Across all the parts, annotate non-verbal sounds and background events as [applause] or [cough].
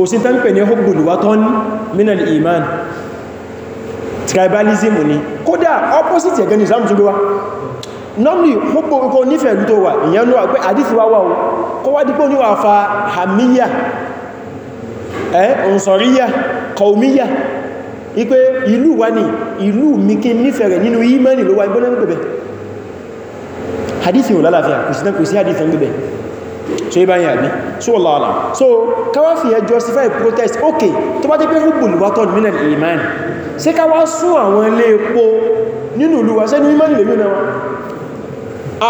kò sí tán pè ní hubbul watan minal iman tribalism ni kódà opposite ẹ̀gẹ́ ni islam tún gbé wá normally hubbul ikọ̀ nífẹ̀ẹ́ ìlú tó wà ìyẹn ló wà pé àdífì wá wà ó kó wá dípò níwà fa hamiya ẹ̀ ọ̀nsọ̀ríyà kọ̀ọ̀míyà ipé ìlú wa ni ìlú mi kí nífẹ̀ẹ́ rẹ̀ nínú imani ló wà ìgbóná gbẹ̀bẹ̀ hadithi ò lálàáfíà kò sí tán kò sí hadithi ń gbẹ̀bẹ̀ ṣe bá yàbí so lọ́la so káwá fi yẹn justify protest ok tó bá jẹ́ pé hubbul watan minal iman ṣe káwá sún àwọn ilé epo nínú ìlú wa sẹ́nu imani lè mìíràn wọn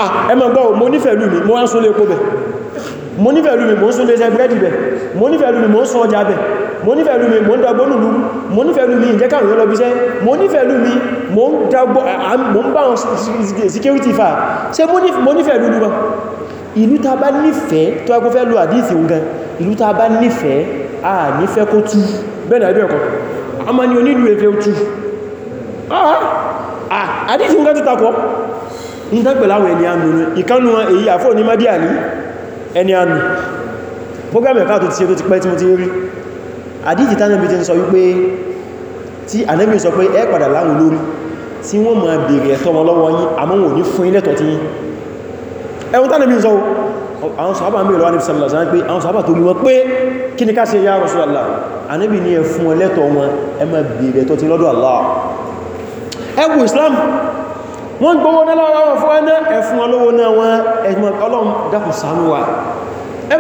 ah ẹmọ gbọ́ mo mi mo wá sún lé epo bẹ̀ mi mo ń sún lẹ́sẹ̀ búrẹ́dì bẹ̀ mo mi mo ń sún ọjà bẹ̀ mi mo ń dagbó nùlú mo nífẹ̀ẹ́ mi ìjẹ́ káàrùn lọ bí iṣẹ́ mo nífẹ̀ẹ́ mi mo ń dagbó mo ń security fà ṣe mo nífẹ̀ẹ́ lú mi ìlú ta bá nífẹ̀ẹ́ tó ẹkùn fẹ́ lo àdíìsì ń gan ìlú ta bá nífẹ̀ẹ́ à nífẹ́ kó tú bẹ́ẹ̀ náà ẹ̀kọ́ a ma ní onílù èfẹ́ tú ah, ah, ah, àdíìsì ń gan tó takọ́ ní tẹ́pẹ̀lá àwọn ẹni àmì ìkánu èyí àfọ́ ní mádíà ní ẹni àmì program ẹ̀ká tó ti ṣe tó ti pẹ́ tí mo ti rí àdíìsì tánàbí ti sọ wípé tí ànẹ́bí sọ pé ẹ padà láwọn olórí tí wọ́n ma bèèrè ẹ̀tọ́ wọn lọ́wọ́ yín àmọ́ wọn ò ní fún ilẹ̀tọ̀ tí yín ẹwọ́n tánà bí sọ àwọn sàábà ń bèèrè wà ní sàmìlà sáà pé àwọn sàábà tó mímọ̀ pé kí ni ká ṣe yá Rasulullah Ànábì ní ẹ fún ẹlẹ́tọ̀ wọn ẹ má bèèrè tó ti lọ́dọ̀ Allah ẹwù Islam wọ́n gbọ́wọ́ náà láwọn fún ẹná ẹ̀fún ọlọ́wọ́ náà wọn ẹ̀gbọ́n Ọlọ́run dákùn ṣàánú wa ẹ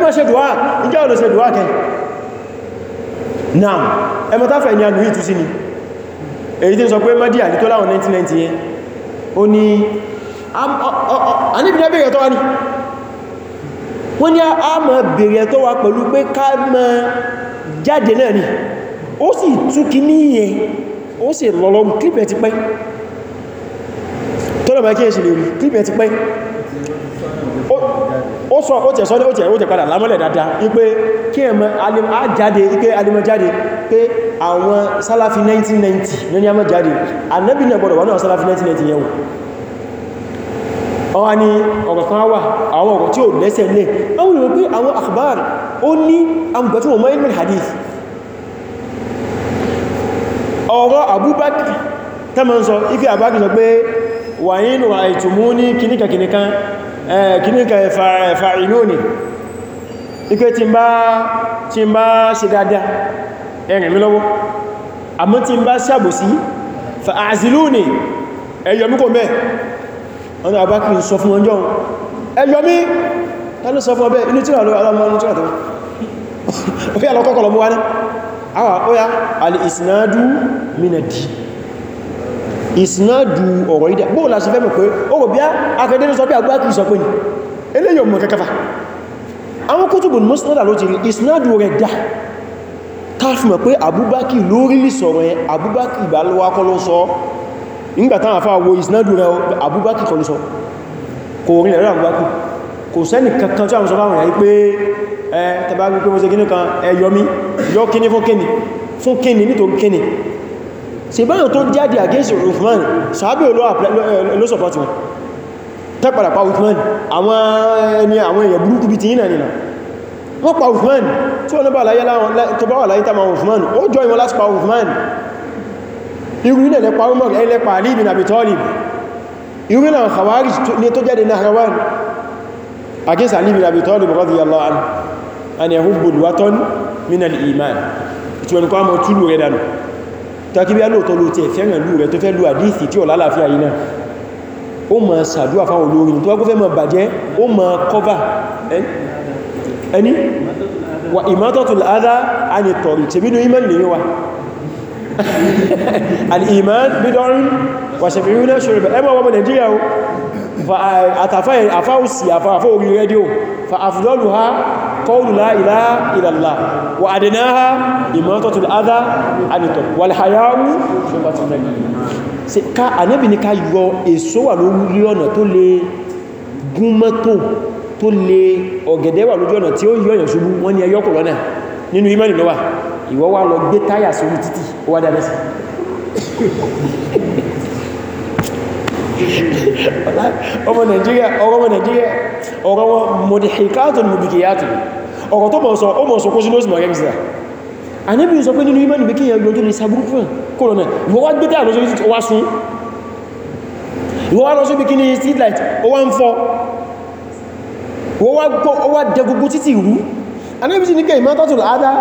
1990 ó ní àníbìnà bèèrè ẹ̀tọ́ wa ní wọ́n ní a mọ̀ bèèrè ẹ̀tọ́ wa pẹ̀lú pé ká mọ̀ jáde náà ni ó sì túnkí ní ìyẹn ó sì lọ́lọ́ kílìpẹ̀ ti pẹ́ tọ́lọ̀ máa kí èṣì lè rí kílìpẹ̀ ti pẹ́ ó sọ ó tẹ̀ sọ́dọ̀ ó tẹ̀ ó tẹ̀ padà lámọ́lẹ̀ dáadáa wípé kí ẹ̀mọ́ ajáde wípé alimọ̀ jáde pé àwọn sálàfí 1990 ní a jáde ànábì gbọ́dọ̀ wà náà sálàfí 1990 yẹ̀wò ọwá ní ọ̀rọ̀ kan wà àwọn ọ̀rọ̀ tí ó lẹ́sẹ̀ lẹ́ àwọn olùrò pé àwọn akhbar ó ní amùgbàtí wọ́n mọ́ ilmìn hadith ọ̀rọ̀ abúbákì tẹ́mọ̀sọ ife àbákì sọ pé wà nínú àìtùmú ní kìníkà kìníkà fa'inú ni ipe tí bá tí bá ṣe dáadáa ẹ̀rìn mi ọ̀nà àbákì sọ fún ọjọ́ ẹyọmí tánú sọ fún ọbẹ̀ inú tíra lórí alámọ́ inú [laughs] o tó orí alọ́kọ́kọ́lọ́ mú wá náà àwà óyá alìsìnádú mínàdì ìsìnádù ọ̀rọ̀ ìdá bóò láti fẹ́ mọ̀ pé ó rò bí á akẹ́dẹ́nu sọ pé àgbákì sọ pé ní eléyìí ọmọ kẹkẹfà àwọn kútùbù mọ́sánàdà ló ti rí ìsìnádù rẹ̀ dá káfí mọ̀ pé àbúbákì lórí lè sọ̀rọ̀ ẹ̀ àbúbákì ìbálówákọ́ ló sọ nígbàtá àfá wo ìsinádù rẹ̀ abúgbákì kọlu sọ kò rí ẹ̀rọ abúgbákì kò sẹ́nì kankan tí àwọn sọ fáwọn ìyàí pé ẹ tàbí agbègbè mọ́sí gínú kan ẹyọmí yọ kíní fún kíní fún kíní nítorí kíní sí báyọ̀ tó jáde against Uthman sàábẹ̀ ló support wọn tẹ́pàdà pa Uthman àwọn ẹni àwọn èèyàn burúkú bí ti yínà nìna wọ́n pa Uthman tí wọ́n bá wà láyé tàbí Uthman ó jọ ìwọ́n láti pa Uthman irú ilẹ̀ lẹ́pa umar ẹlẹ́pa Ali ibn Abi Talib irú ilẹ̀ Khawarij ní tó jáde Nahrawan against Ali ibn Abi Talib radiyallahu anhu an yahubbu al-watan min al-iman tí wọn kọ́ mọ̀ túlù rẹ̀ dànù takibí alóòtọ́ ló tẹ̀ fẹ́ràn lú rẹ̀ tó fẹ́ lú àdíìsì tí ó lálàáfíà yìí náà ó ma sàdúwà fáwọn olórin tó wákó fẹ́ ma bàjẹ́ ó ma kọ́bà ẹni wa imatatul adha anìtọ̀rì tèmínú imẹ́ nìyíwa [laughs] al-iman bid'un wa shafi'una shurba ẹmọ ọmọ Nigeria o àtàfà àfáòsì àfáàfà orí rédíò fa afdaluha qawlu la ilaha illallah wa adnaha imatatul adha anitọ̀ wal haya'u shurbatun nabiyyi Ànábì ní ká yọ èso wà lórí ọ̀nà tó lè gúnmọ́tò tó lè ọ̀gẹ̀dẹ̀ wà ìwọ wá lọ gbé táyà sórí títì ó wá dáadáa sí ọmọ Nàìjíríà ọ̀rọ̀ ọmọ Nàìjíríà ọ̀rọ̀ wọn mọ̀dìkìkátùn mọ̀dìkìyàtùn ọ̀rọ̀ tó mọ̀ sọ ó mọ̀ sọ kó sínú òsìmọ̀ rẹ̀mìsìlá àníbì sọ pé nínú imẹ́nu bí kí yẹn yọjú lè sàbúrú fún kòrò náà ìwọ́n wá gbé táyà lọ sórí wá sún ìwọ́n wá lọ sórí kí ní street light ó wá ń fọ́ wọ́n wá dẹgbogbo títì ìrú àníbì sí ní kẹ́ ìmọ́tọ́tù ládáa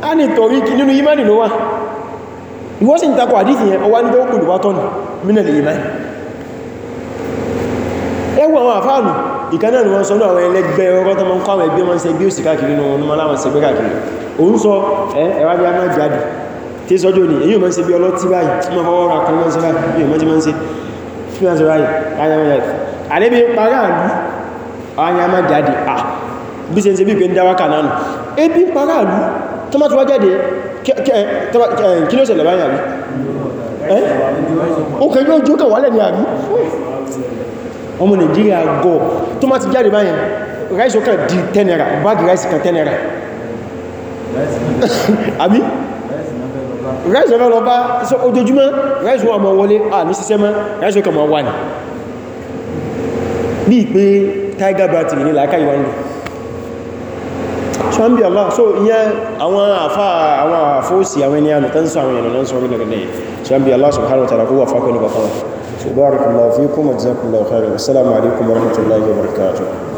a ní torí nínú imani ló wà ìwọ́n sì ń takọ̀ àdífì yẹn ọwá ní tó wá tọ́nù mínà lè ẹwọ àwọn àfáàlù ìkaná ni wọ́n sọ ní àwọn ẹlẹ́gbẹ́ ọgọ́ tó mọ́ ń kọ́wọ̀ ẹgbẹ́ wọn ṣe gbé òsì káàkiri ní wọn láwọn ṣe gbé káàkiri òun sọ ẹwà bí a máa jáde tí sọ́jọ́ ni èyí ò máa ń ṣe bí ọlọ́tí báyìí tí wọ́n fọwọ́ ra kan mọ́ sí báyìí èyí ò máa ń ṣe fíwáṣẹ́ báyìí náà ebi parí àlú tó má ti wá jáde kí ló ṣẹlẹ̀ báyìí àbí ó kẹ yóò jókè wálẹ̀ ní àbí ọmọ Nàìjíríà gọ́ tó má ti jáde báyìí rice ó kẹ́ di 10 naira bag rice kan 10 naira [laughs] àbí rice ọ̀rọ̀ lọ bá ojoojúmọ́ rice wọ́n àmọ́ wọlé à ní sísẹ́ mọ́ rice ó kẹ́ mọ́ wà ní bí i pé tiger battery ní làákà ìwà lò ṣambi Allah so ìyẹn àwọn àfá àwọn àfóòsì àwọn ẹni àmì tán sọ àwọn ènìyàn náà sọ orí lẹ́gbẹ̀ẹ́ lẹ́yìn ṣambi Allah subhanahu wa ta'ala kó wà fákọ́ ní bàkan wa so barakallahu fikum wa